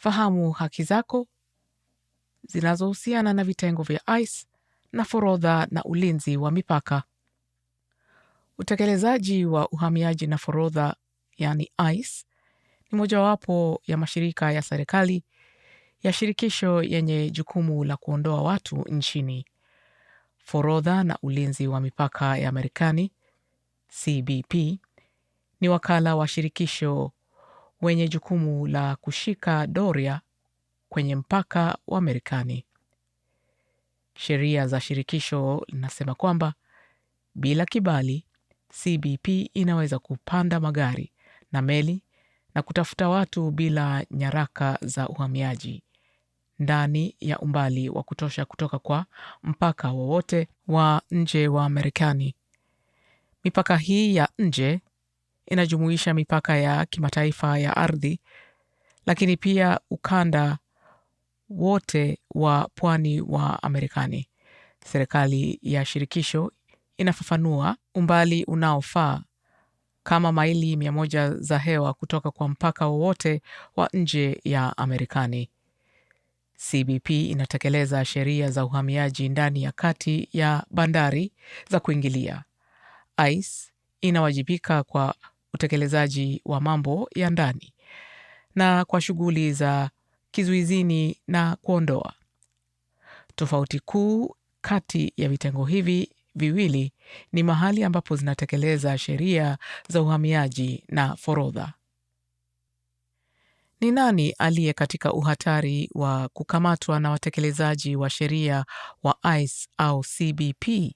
Fahamu haki zako zinazohusiana na vitengo vya ICE na forodha na ulinzi wa mipaka. Utekelezaji wa uhamiaji na forodha, yani ICE, ni mojawapo ya mashirika ya serikali ya shirikisho yenye jukumu la kuondoa watu nchini. Forodha na ulinzi wa mipaka ya Marekani, CBP, ni wakala wa shirikisho wenye jukumu la kushika doria kwenye mpaka wa Marekani. Sheria za shirikisho linasema kwamba bila kibali, CBP inaweza kupanda magari na meli na kutafuta watu bila nyaraka za uhamiaji ndani ya umbali wa kutosha kutoka kwa mpaka wowote wa, wa nje wa Marekani. Mipaka hii ya nje inajumuisha mipaka ya kimataifa ya ardhi, lakini pia ukanda wote wa pwani wa Amerikani. Serikali ya shirikisho inafafanua umbali unaofaa kama maili mia moja za hewa kutoka kwa mpaka wowote wa nje ya Amerikani. CBP inatekeleza sheria za uhamiaji ndani ya kati ya bandari za kuingilia. ICE inawajibika kwa utekelezaji wa mambo ya ndani na kwa shughuli za kizuizini na kuondoa. Tofauti kuu kati ya vitengo hivi viwili ni mahali ambapo zinatekeleza sheria za uhamiaji na forodha. Ni nani aliye katika uhatari wa kukamatwa na watekelezaji wa sheria wa ICE au CBP?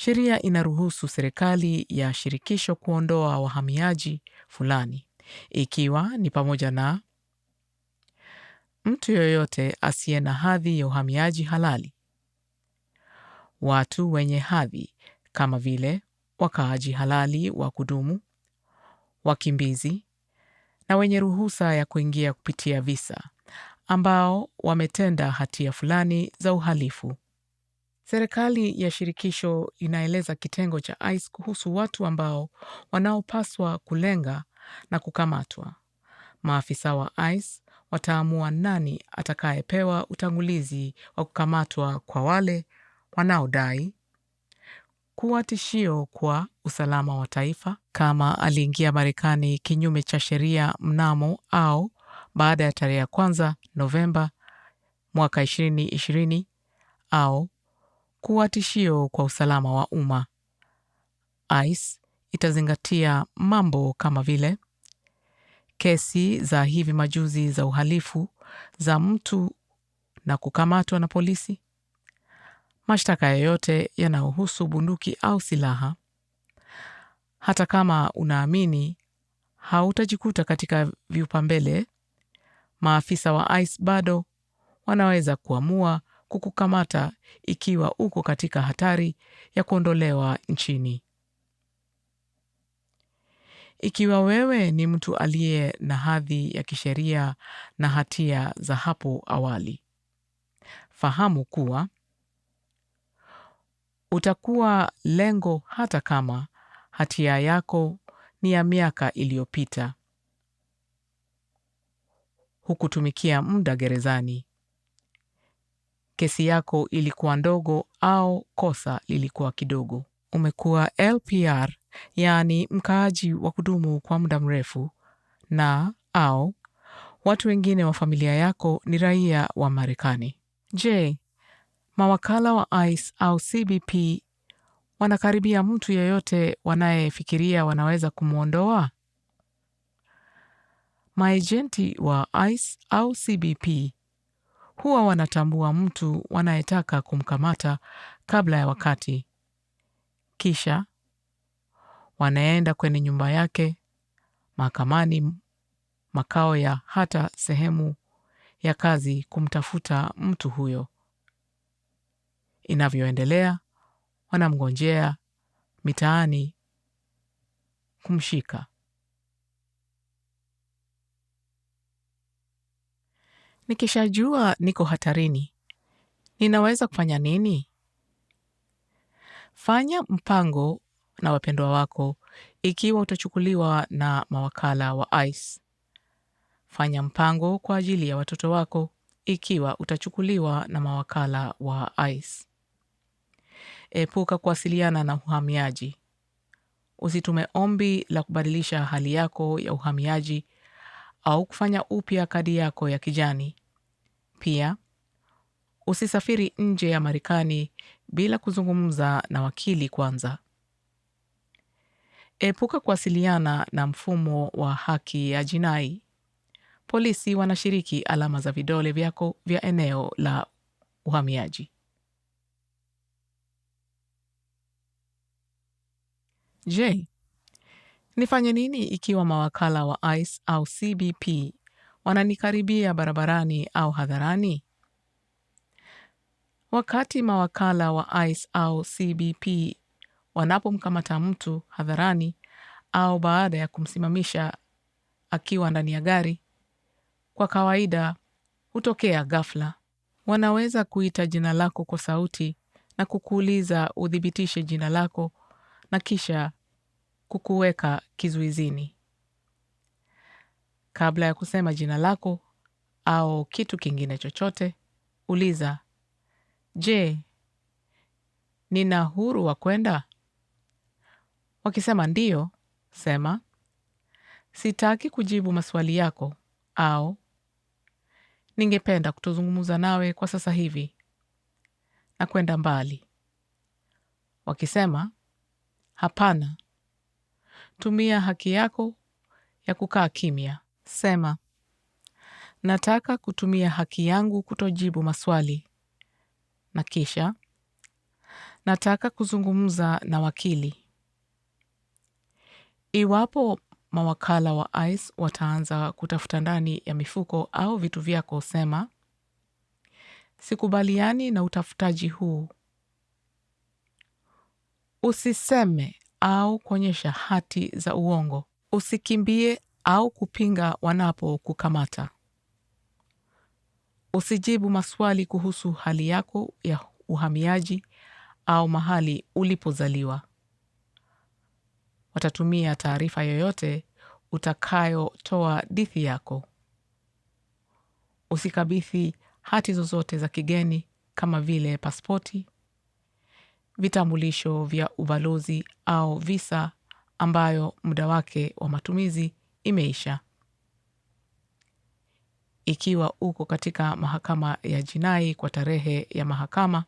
Sheria inaruhusu serikali ya shirikisho kuondoa wahamiaji fulani, ikiwa ni pamoja na mtu yoyote asiye na hadhi ya uhamiaji halali, watu wenye hadhi kama vile wakaaji halali wa kudumu, wakimbizi na wenye ruhusa ya kuingia kupitia visa, ambao wametenda hatia fulani za uhalifu. Serikali ya shirikisho inaeleza kitengo cha ICE kuhusu watu ambao wanaopaswa kulenga na kukamatwa. Maafisa wa ICE wataamua nani atakayepewa utangulizi wa kukamatwa kwa wale wanaodai kuwa tishio kwa usalama wa taifa, kama aliingia Marekani kinyume cha sheria mnamo au baada ya tarehe ya kwanza Novemba mwaka 2020 au kuwa tishio kwa usalama wa umma. ICE itazingatia mambo kama vile kesi za hivi majuzi za uhalifu za mtu na kukamatwa na polisi, mashtaka yoyote yanayohusu bunduki au silaha, hata kama unaamini hautajikuta katika viupambele, maafisa wa ICE bado wanaweza kuamua kukukamata ikiwa uko katika hatari ya kuondolewa nchini. Ikiwa wewe ni mtu aliye na hadhi ya kisheria na hatia za hapo awali, fahamu kuwa utakuwa lengo hata kama hatia yako ni ya miaka iliyopita. Hukutumikia muda gerezani kesi yako ilikuwa ndogo au kosa lilikuwa kidogo. Umekuwa LPR, yaani mkaaji wa kudumu kwa muda mrefu, na au watu wengine wa familia yako ni raia wa Marekani. Je, mawakala wa ICE au CBP wanakaribia mtu yeyote wanayefikiria wanaweza kumwondoa? Maejenti wa ICE au CBP huwa wanatambua mtu wanayetaka kumkamata kabla ya wakati, kisha wanaenda kwenye nyumba yake, mahakamani, makao ya hata sehemu ya kazi kumtafuta mtu huyo. Inavyoendelea, wanamgonjea mitaani kumshika. Nikishajua niko hatarini, ninaweza kufanya nini? Fanya mpango na wapendwa wako ikiwa utachukuliwa na mawakala wa ICE. Fanya mpango kwa ajili ya watoto wako ikiwa utachukuliwa na mawakala wa ICE. Epuka kuwasiliana na uhamiaji. Usitume ombi la kubadilisha hali yako ya uhamiaji au kufanya upya kadi yako ya kijani. Pia usisafiri nje ya Marekani bila kuzungumza na wakili kwanza. Epuka kuwasiliana na mfumo wa haki ya jinai. Polisi wanashiriki alama za vidole vyako vya eneo la uhamiaji. Je, nifanye nini ikiwa mawakala wa ICE au CBP wananikaribia barabarani au hadharani? Wakati mawakala wa ICE au CBP wanapomkamata mtu hadharani au baada ya kumsimamisha akiwa ndani ya gari, kwa kawaida hutokea ghafla. Wanaweza kuita jina lako kwa sauti na kukuuliza uthibitishe jina lako na kisha kukuweka kizuizini. Kabla ya kusema jina lako au kitu kingine chochote, uliza, je, nina huru wa kwenda? Wakisema ndiyo, sema, sitaki kujibu maswali yako au ningependa kutozungumza nawe kwa sasa hivi na kwenda mbali. Wakisema hapana, tumia haki yako ya kukaa kimya. Sema, nataka kutumia haki yangu kutojibu maswali, na kisha nataka kuzungumza na wakili. Iwapo mawakala wa ICE wataanza kutafuta ndani ya mifuko au vitu vyako, sema sikubaliani na utafutaji huu. Usiseme au kuonyesha hati za uongo. Usikimbie au kupinga wanapokukamata. Usijibu maswali kuhusu hali yako ya uhamiaji au mahali ulipozaliwa. Watatumia taarifa yoyote utakayotoa dithi yako. Usikabidhi hati zozote za kigeni kama vile pasipoti, vitambulisho vya ubalozi au visa ambayo muda wake wa matumizi imeisha. Ikiwa uko katika mahakama ya jinai kwa tarehe ya mahakama,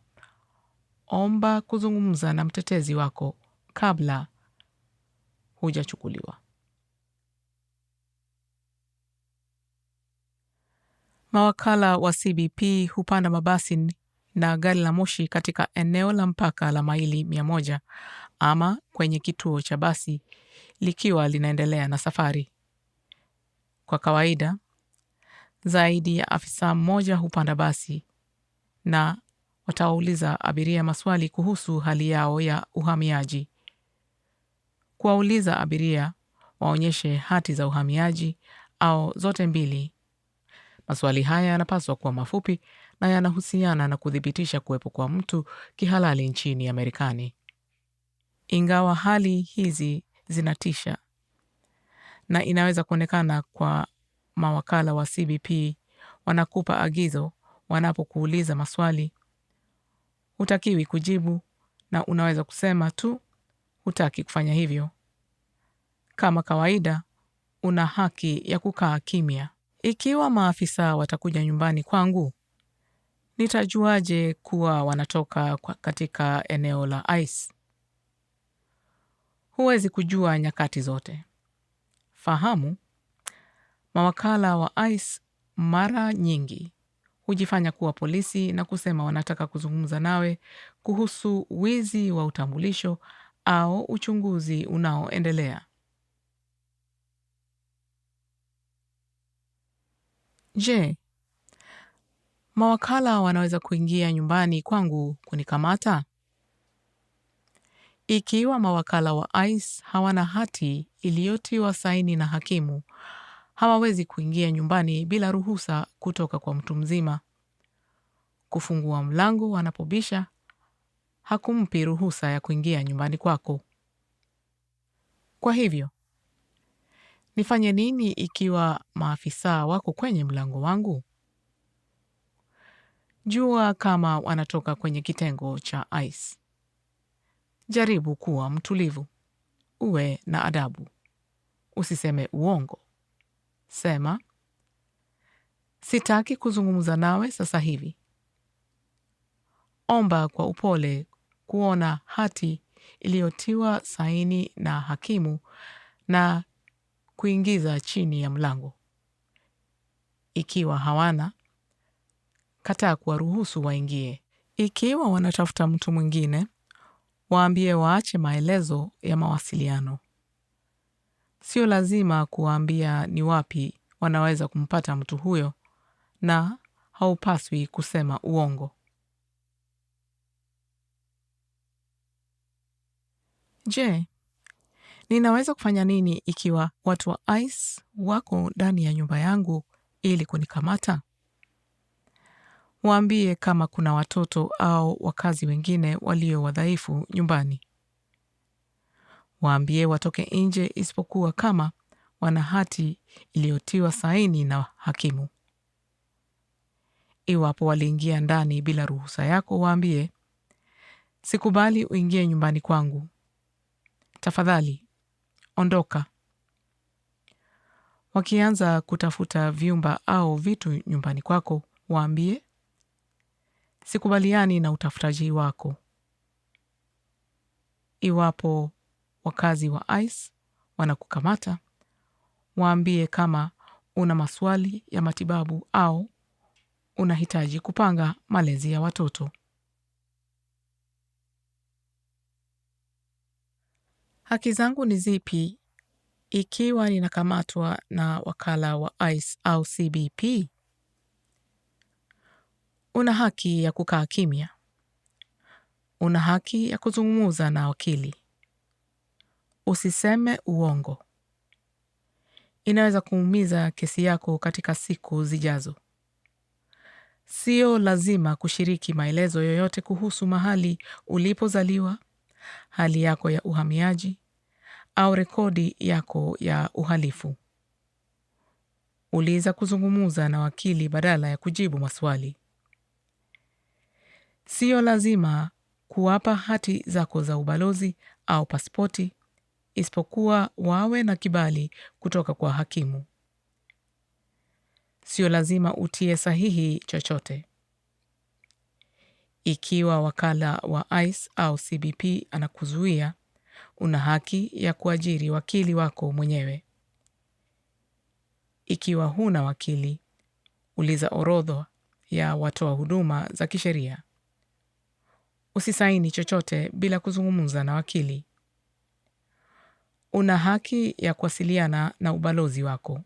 omba kuzungumza na mtetezi wako kabla hujachukuliwa. Mawakala wa CBP hupanda mabasi na gari la moshi katika eneo la mpaka la maili mia moja ama kwenye kituo cha basi likiwa linaendelea na safari. Kwa kawaida, zaidi ya afisa mmoja hupanda basi na watawauliza abiria maswali kuhusu hali yao ya uhamiaji. Kuwauliza abiria waonyeshe hati za uhamiaji au zote mbili. Maswali haya yanapaswa kuwa mafupi na yanahusiana na kuthibitisha kuwepo kwa mtu kihalali nchini ya Marekani. Ingawa hali hizi zinatisha, na inaweza kuonekana kwa mawakala wa CBP wanakupa agizo wanapokuuliza maswali. Hutakiwi kujibu na unaweza kusema tu hutaki kufanya hivyo. Kama kawaida, una haki ya kukaa kimya. Ikiwa maafisa watakuja nyumbani kwangu, nitajuaje kuwa wanatoka katika eneo la ICE? Huwezi kujua nyakati zote. Fahamu, mawakala wa ICE mara nyingi hujifanya kuwa polisi na kusema wanataka kuzungumza nawe kuhusu wizi wa utambulisho au uchunguzi unaoendelea. Je, mawakala wanaweza kuingia nyumbani kwangu kunikamata? Ikiwa mawakala wa ICE hawana hati iliyotiwa saini na hakimu, hawawezi kuingia nyumbani bila ruhusa kutoka kwa mtu mzima. Kufungua mlango wanapobisha hakumpi ruhusa ya kuingia nyumbani kwako. Kwa hivyo, nifanye nini ikiwa maafisa wako kwenye mlango wangu? Jua kama wanatoka kwenye kitengo cha ICE. Jaribu kuwa mtulivu, uwe na adabu, usiseme uongo. Sema, sitaki kuzungumza nawe sasa hivi. Omba kwa upole kuona hati iliyotiwa saini na hakimu na kuingiza chini ya mlango. Ikiwa hawana, kataa kuwaruhusu waingie. Ikiwa wanatafuta mtu mwingine, waambie waache maelezo ya mawasiliano. Sio lazima kuwaambia ni wapi wanaweza kumpata mtu huyo, na haupaswi kusema uongo. Je, ninaweza kufanya nini ikiwa watu wa ICE wako ndani ya nyumba yangu ili kunikamata? waambie kama kuna watoto au wakazi wengine walio wadhaifu nyumbani. Waambie watoke nje isipokuwa kama wana hati iliyotiwa saini na hakimu. Iwapo waliingia ndani bila ruhusa yako, waambie, sikubali uingie nyumbani kwangu. Tafadhali ondoka. Wakianza kutafuta vyumba au vitu nyumbani kwako, waambie Sikubaliani na utafutaji wako. Iwapo wakazi wa ICE wanakukamata, waambie kama una maswali ya matibabu au unahitaji kupanga malezi ya watoto. Haki zangu ni zipi ikiwa ninakamatwa na wakala wa ICE au CBP? Una haki ya kukaa kimya. Una haki ya kuzungumza na wakili. Usiseme uongo. Inaweza kuumiza kesi yako katika siku zijazo. Sio lazima kushiriki maelezo yoyote kuhusu mahali ulipozaliwa, hali yako ya uhamiaji au rekodi yako ya uhalifu. Uliza kuzungumza na wakili badala ya kujibu maswali. Siyo lazima kuwapa hati zako za ubalozi au pasipoti, isipokuwa wawe na kibali kutoka kwa hakimu. Sio lazima utie sahihi chochote. Ikiwa wakala wa ICE au CBP anakuzuia, una haki ya kuajiri wakili wako mwenyewe. Ikiwa huna wakili, uliza orodha ya watoa huduma za kisheria usisaini chochote bila kuzungumza na wakili. Una haki ya kuwasiliana na ubalozi wako.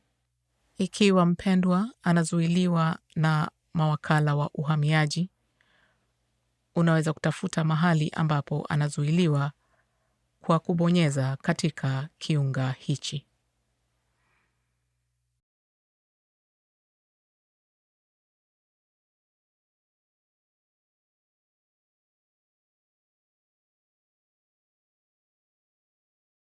Ikiwa mpendwa anazuiliwa na mawakala wa uhamiaji, unaweza kutafuta mahali ambapo anazuiliwa kwa kubonyeza katika kiunga hichi.